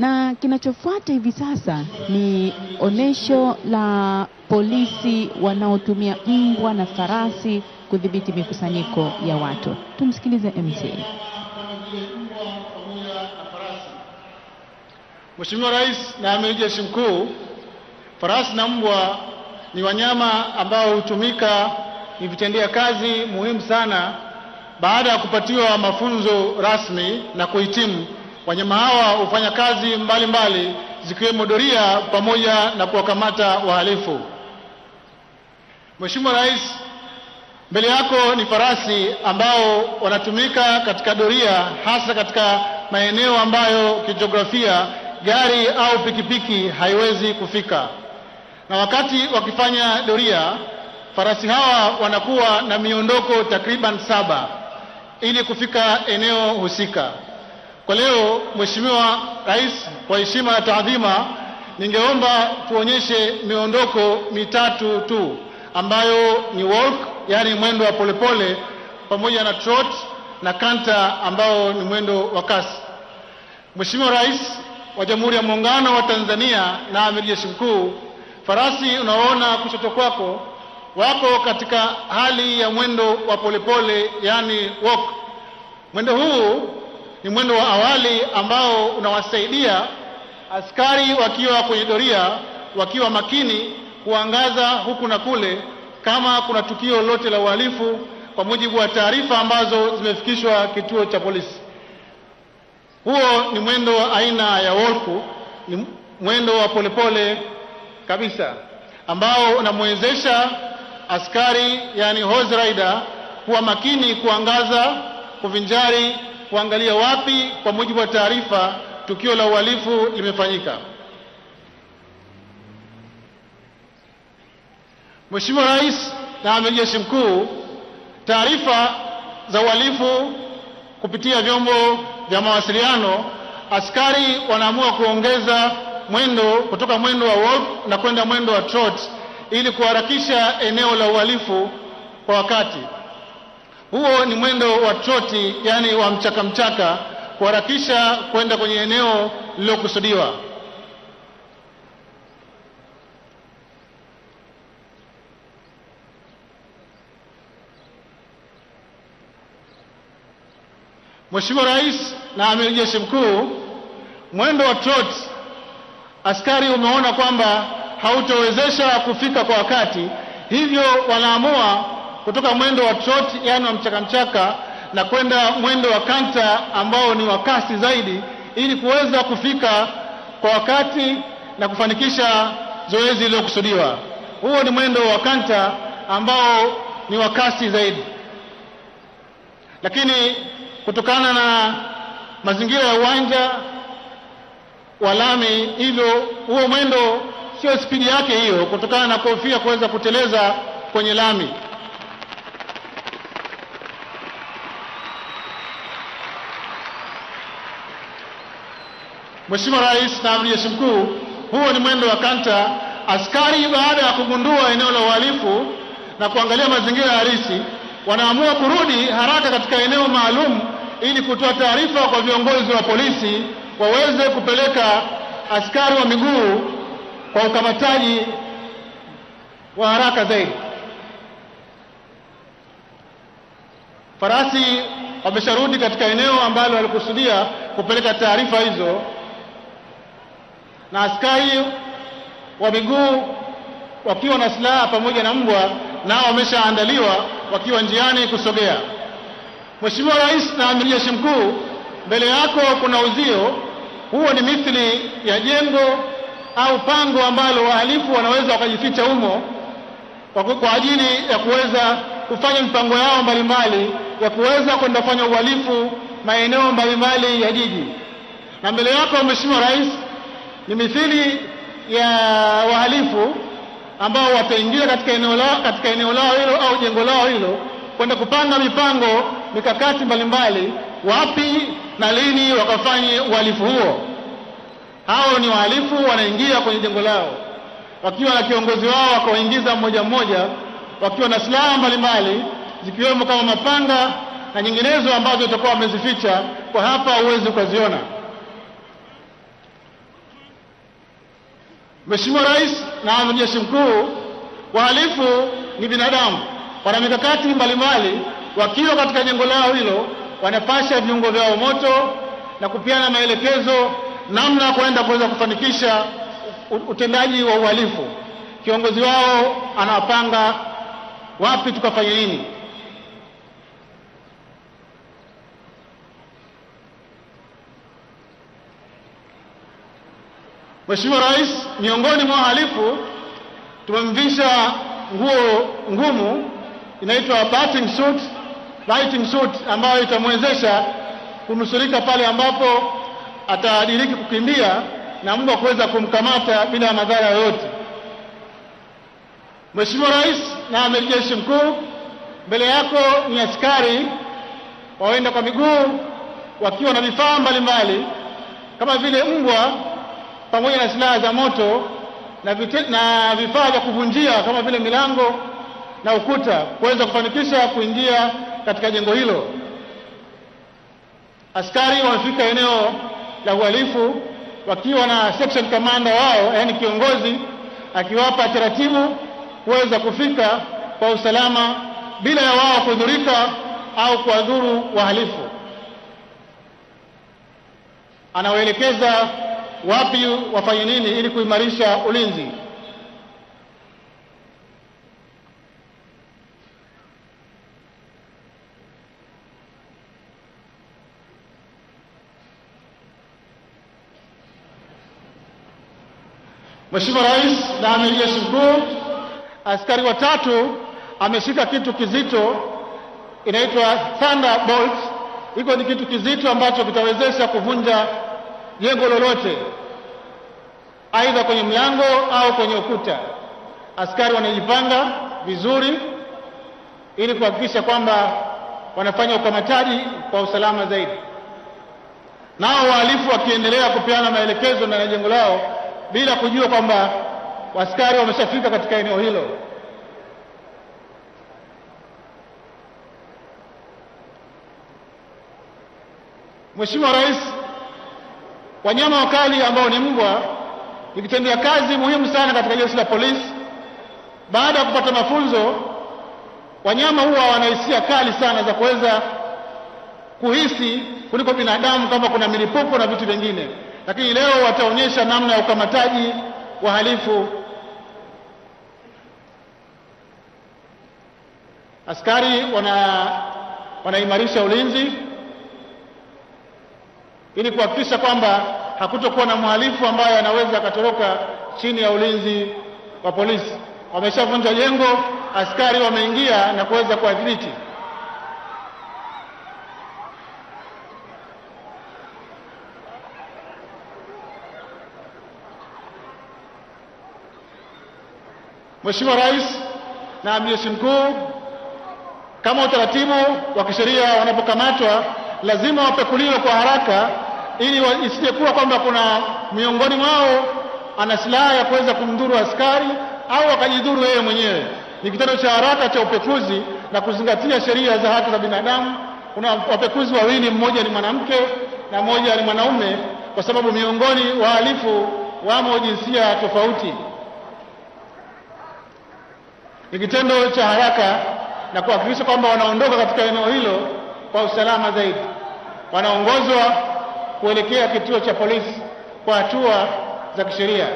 Na kinachofuata hivi sasa ni onyesho la polisi wanaotumia mbwa na farasi kudhibiti mikusanyiko ya watu. Tumsikilize MC. Mheshimiwa Rais na Amiri Jeshi Mkuu, farasi na mbwa ni wanyama ambao hutumika ni vitendea kazi muhimu sana baada ya kupatiwa mafunzo rasmi na kuhitimu Wanyama hawa hufanya kazi mbalimbali zikiwemo doria pamoja na kuwakamata wahalifu. Mheshimiwa Rais, mbele yako ni farasi ambao wanatumika katika doria, hasa katika maeneo ambayo kijiografia gari au pikipiki haiwezi kufika, na wakati wakifanya doria, farasi hawa wanakuwa na miondoko takriban saba ili kufika eneo husika. Kwa leo, Mheshimiwa Rais, kwa heshima na taadhima, ningeomba tuonyeshe miondoko mitatu tu ambayo ni walk, yaani mwendo wa polepole, pamoja na trot na kanta ambao ni mwendo wa kasi. Mheshimiwa Rais wa Jamhuri ya Muungano wa Tanzania na Amiri Jeshi Mkuu, farasi unaoona kushoto kwako wako katika hali ya mwendo wa polepole, yaani walk. Mwendo huu ni mwendo wa awali ambao unawasaidia askari wakiwa kwenye doria, wakiwa makini kuangaza huku na kule, kama kuna tukio lolote la uhalifu, kwa mujibu wa taarifa ambazo zimefikishwa kituo cha polisi. Huo ni mwendo wa aina ya wolfu, ni mwendo wa polepole kabisa ambao unamwezesha askari, yani horse rider, kuwa makini kuangaza, kuvinjari kuangalia wapi, kwa mujibu wa taarifa, tukio la uhalifu limefanyika. Mheshimiwa Rais na Amiri Jeshi Mkuu, taarifa za uhalifu kupitia vyombo vya mawasiliano, askari wanaamua kuongeza mwendo kutoka mwendo wa walk na kwenda mwendo wa trot ili kuharakisha eneo la uhalifu kwa wakati. Huo ni mwendo wa troti, yani wa mchaka mchaka, kuharakisha kwenda kwenye eneo lililokusudiwa. Mheshimiwa Rais na Amiri Jeshi Mkuu, mwendo wa trot askari umeona kwamba hautowezesha kufika kwa wakati, hivyo wanaamua kutoka mwendo wa trot, yani wa mchaka mchaka na kwenda mwendo wa kanta ambao ni wa kasi zaidi, ili kuweza kufika kwa wakati na kufanikisha zoezi lililokusudiwa. Huo ni mwendo wa kanta ambao ni wa kasi zaidi, lakini kutokana na mazingira ya uwanja wa lami, hivyo huo mwendo sio spidi yake hiyo, kutokana na kuhofia kuweza kuteleza kwenye lami. Mheshimiwa Rais na Amri Jeshi Mkuu, huo ni mwendo wa kanta. Askari baada ya kugundua eneo la uhalifu na kuangalia mazingira ya halisi, wanaamua kurudi haraka katika eneo maalum ili kutoa taarifa kwa viongozi wa polisi waweze kupeleka askari wa miguu kwa ukamataji wa haraka zaidi. Farasi wamesharudi katika eneo ambalo walikusudia kupeleka taarifa hizo na askari wa miguu wakiwa na silaha pamoja na mbwa nao wameshaandaliwa wakiwa njiani kusogea. Mheshimiwa Rais na Amiri Jeshi Mkuu, mbele yako kuna uzio. Huo ni mithili ya jengo au pango ambalo wahalifu wanaweza wakajificha humo kwa ajili ya kuweza kufanya mipango yao mbalimbali ya kuweza kwenda kufanya uhalifu maeneo mbalimbali ya jiji. Na mbele yako Mheshimiwa Rais ni mithili ya wahalifu ambao wataingia katika eneo lao, katika eneo lao hilo au jengo lao hilo kwenda kupanga mipango mikakati mbalimbali, wapi na lini wakafanye uhalifu huo. Hao ni wahalifu wanaingia kwenye jengo lao wakiwa na kiongozi wao, wakawaingiza mmoja mmoja, wakiwa na silaha mbalimbali zikiwemo kama mapanga na nyinginezo ambazo watakuwa wamezificha kwa hapa, huwezi ukaziona. Mheshimiwa Rais na Amiri Jeshi Mkuu, wahalifu ni binadamu, wana mikakati mbalimbali. Wakiwa katika jengo lao hilo, wanapasha viungo vyao moto na kupeana maelekezo namna ya kwenda kuweza kufanikisha utendaji wa uhalifu. Kiongozi wao anawapanga wapi tukafanye nini. Mheshimiwa Rais, miongoni mwa wahalifu tumemvisha nguo ngumu inaitwa batting suit, lighting suit ambayo itamwezesha kunusurika pale ambapo atadiriki kukimbia na mbwa kuweza kumkamata bila madhara yoyote. Mheshimiwa Rais na Amiri Jeshi Mkuu, mbele yako ni askari waenda kwa miguu wakiwa na vifaa mbalimbali kama vile mbwa pamoja na silaha za moto na, na vifaa vya kuvunjia kama vile milango na ukuta kuweza kufanikisha kuingia katika jengo hilo. Askari wamefika eneo la uhalifu wakiwa na section commander wao, yaani kiongozi akiwapa taratibu kuweza kufika kwa usalama bila ya wao kudhurika au kuwadhuru wahalifu, anawaelekeza wapi wafanye nini ili kuimarisha ulinzi. Mheshimiwa Rais na Amiri Jeshi Mkuu, askari watatu ameshika kitu kizito, inaitwa Thunderbolt. iko ni kitu kizito ambacho kitawezesha kuvunja jengo lolote, aidha kwenye mlango au kwenye ukuta, askari wanajipanga vizuri ili kuhakikisha kwamba wanafanya ukamataji kwa usalama zaidi, nao wahalifu wakiendelea kupeana maelekezo ndani ya jengo lao bila kujua kwamba askari wameshafika katika eneo hilo. Mheshimiwa Rais Wanyama wakali ambao ni mbwa ni kitendea kazi muhimu sana katika jeshi la polisi. Baada ya kupata mafunzo, wanyama huwa wanahisia kali sana za kuweza kuhisi kuliko binadamu kama kuna milipuko na vitu vingine, lakini leo wataonyesha namna ya ukamataji wahalifu. Askari wanaimarisha ulinzi ili kuhakikisha kwamba hakutokuwa na mhalifu ambaye anaweza akatoroka chini ya ulinzi wa polisi. Wameshavunja jengo, askari wameingia na kuweza kuadhibiti. Mheshimiwa Rais na Amiri Jeshi Mkuu, kama utaratibu wa kisheria wanapokamatwa lazima wapekuliwe kwa haraka, ili isijekuwa kwamba kuna miongoni mwao ana silaha ya kuweza kumdhuru askari au akajidhuru yeye mwenyewe. Ni kitendo cha haraka cha upekuzi na kuzingatia sheria za haki za binadamu. Kuna wapekuzi wawili, mmoja ni mwanamke na mmoja ni mwanaume, kwa sababu miongoni wahalifu wamo jinsia tofauti. Ni kitendo cha haraka na kuhakikisha kwamba wanaondoka katika eneo hilo kwa usalama zaidi wanaongozwa kuelekea kituo cha polisi kwa hatua za kisheria.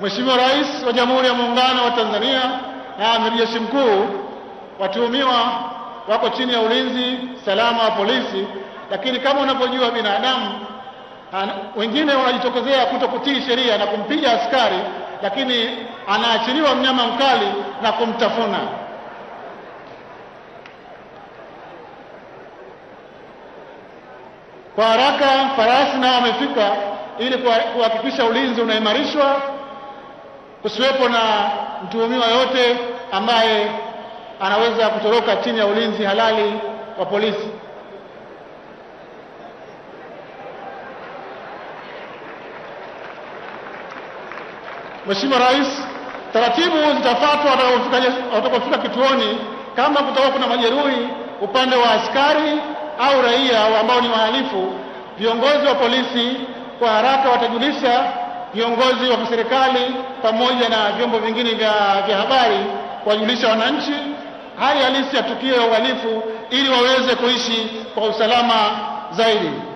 Mheshimiwa Rais wa Jamhuri ya Muungano wa Tanzania na Amiri Jeshi Mkuu, watuhumiwa wako chini ya ulinzi salama wa polisi, lakini kama unavyojua binadamu ana, wengine wanajitokezea kuto kutii sheria na kumpiga askari, lakini anaachiliwa mnyama mkali na kumtafuna. Kwa haraka farasi nao wamefika ili kuhakikisha ulinzi unaimarishwa, kusiwepo na mtuhumiwa yoyote ambaye anaweza kutoroka chini ya ulinzi halali wa polisi. Mheshimiwa Rais, taratibu zitafuatwa watakapofika kituoni kama kutakuwa kuna majeruhi upande wa askari au raia ambao ni wahalifu, viongozi wa polisi kwa haraka watajulisha viongozi wa serikali pamoja na vyombo vingine vya habari kuwajulisha wananchi hali halisi ya tukio ya uhalifu ili waweze kuishi kwa usalama zaidi.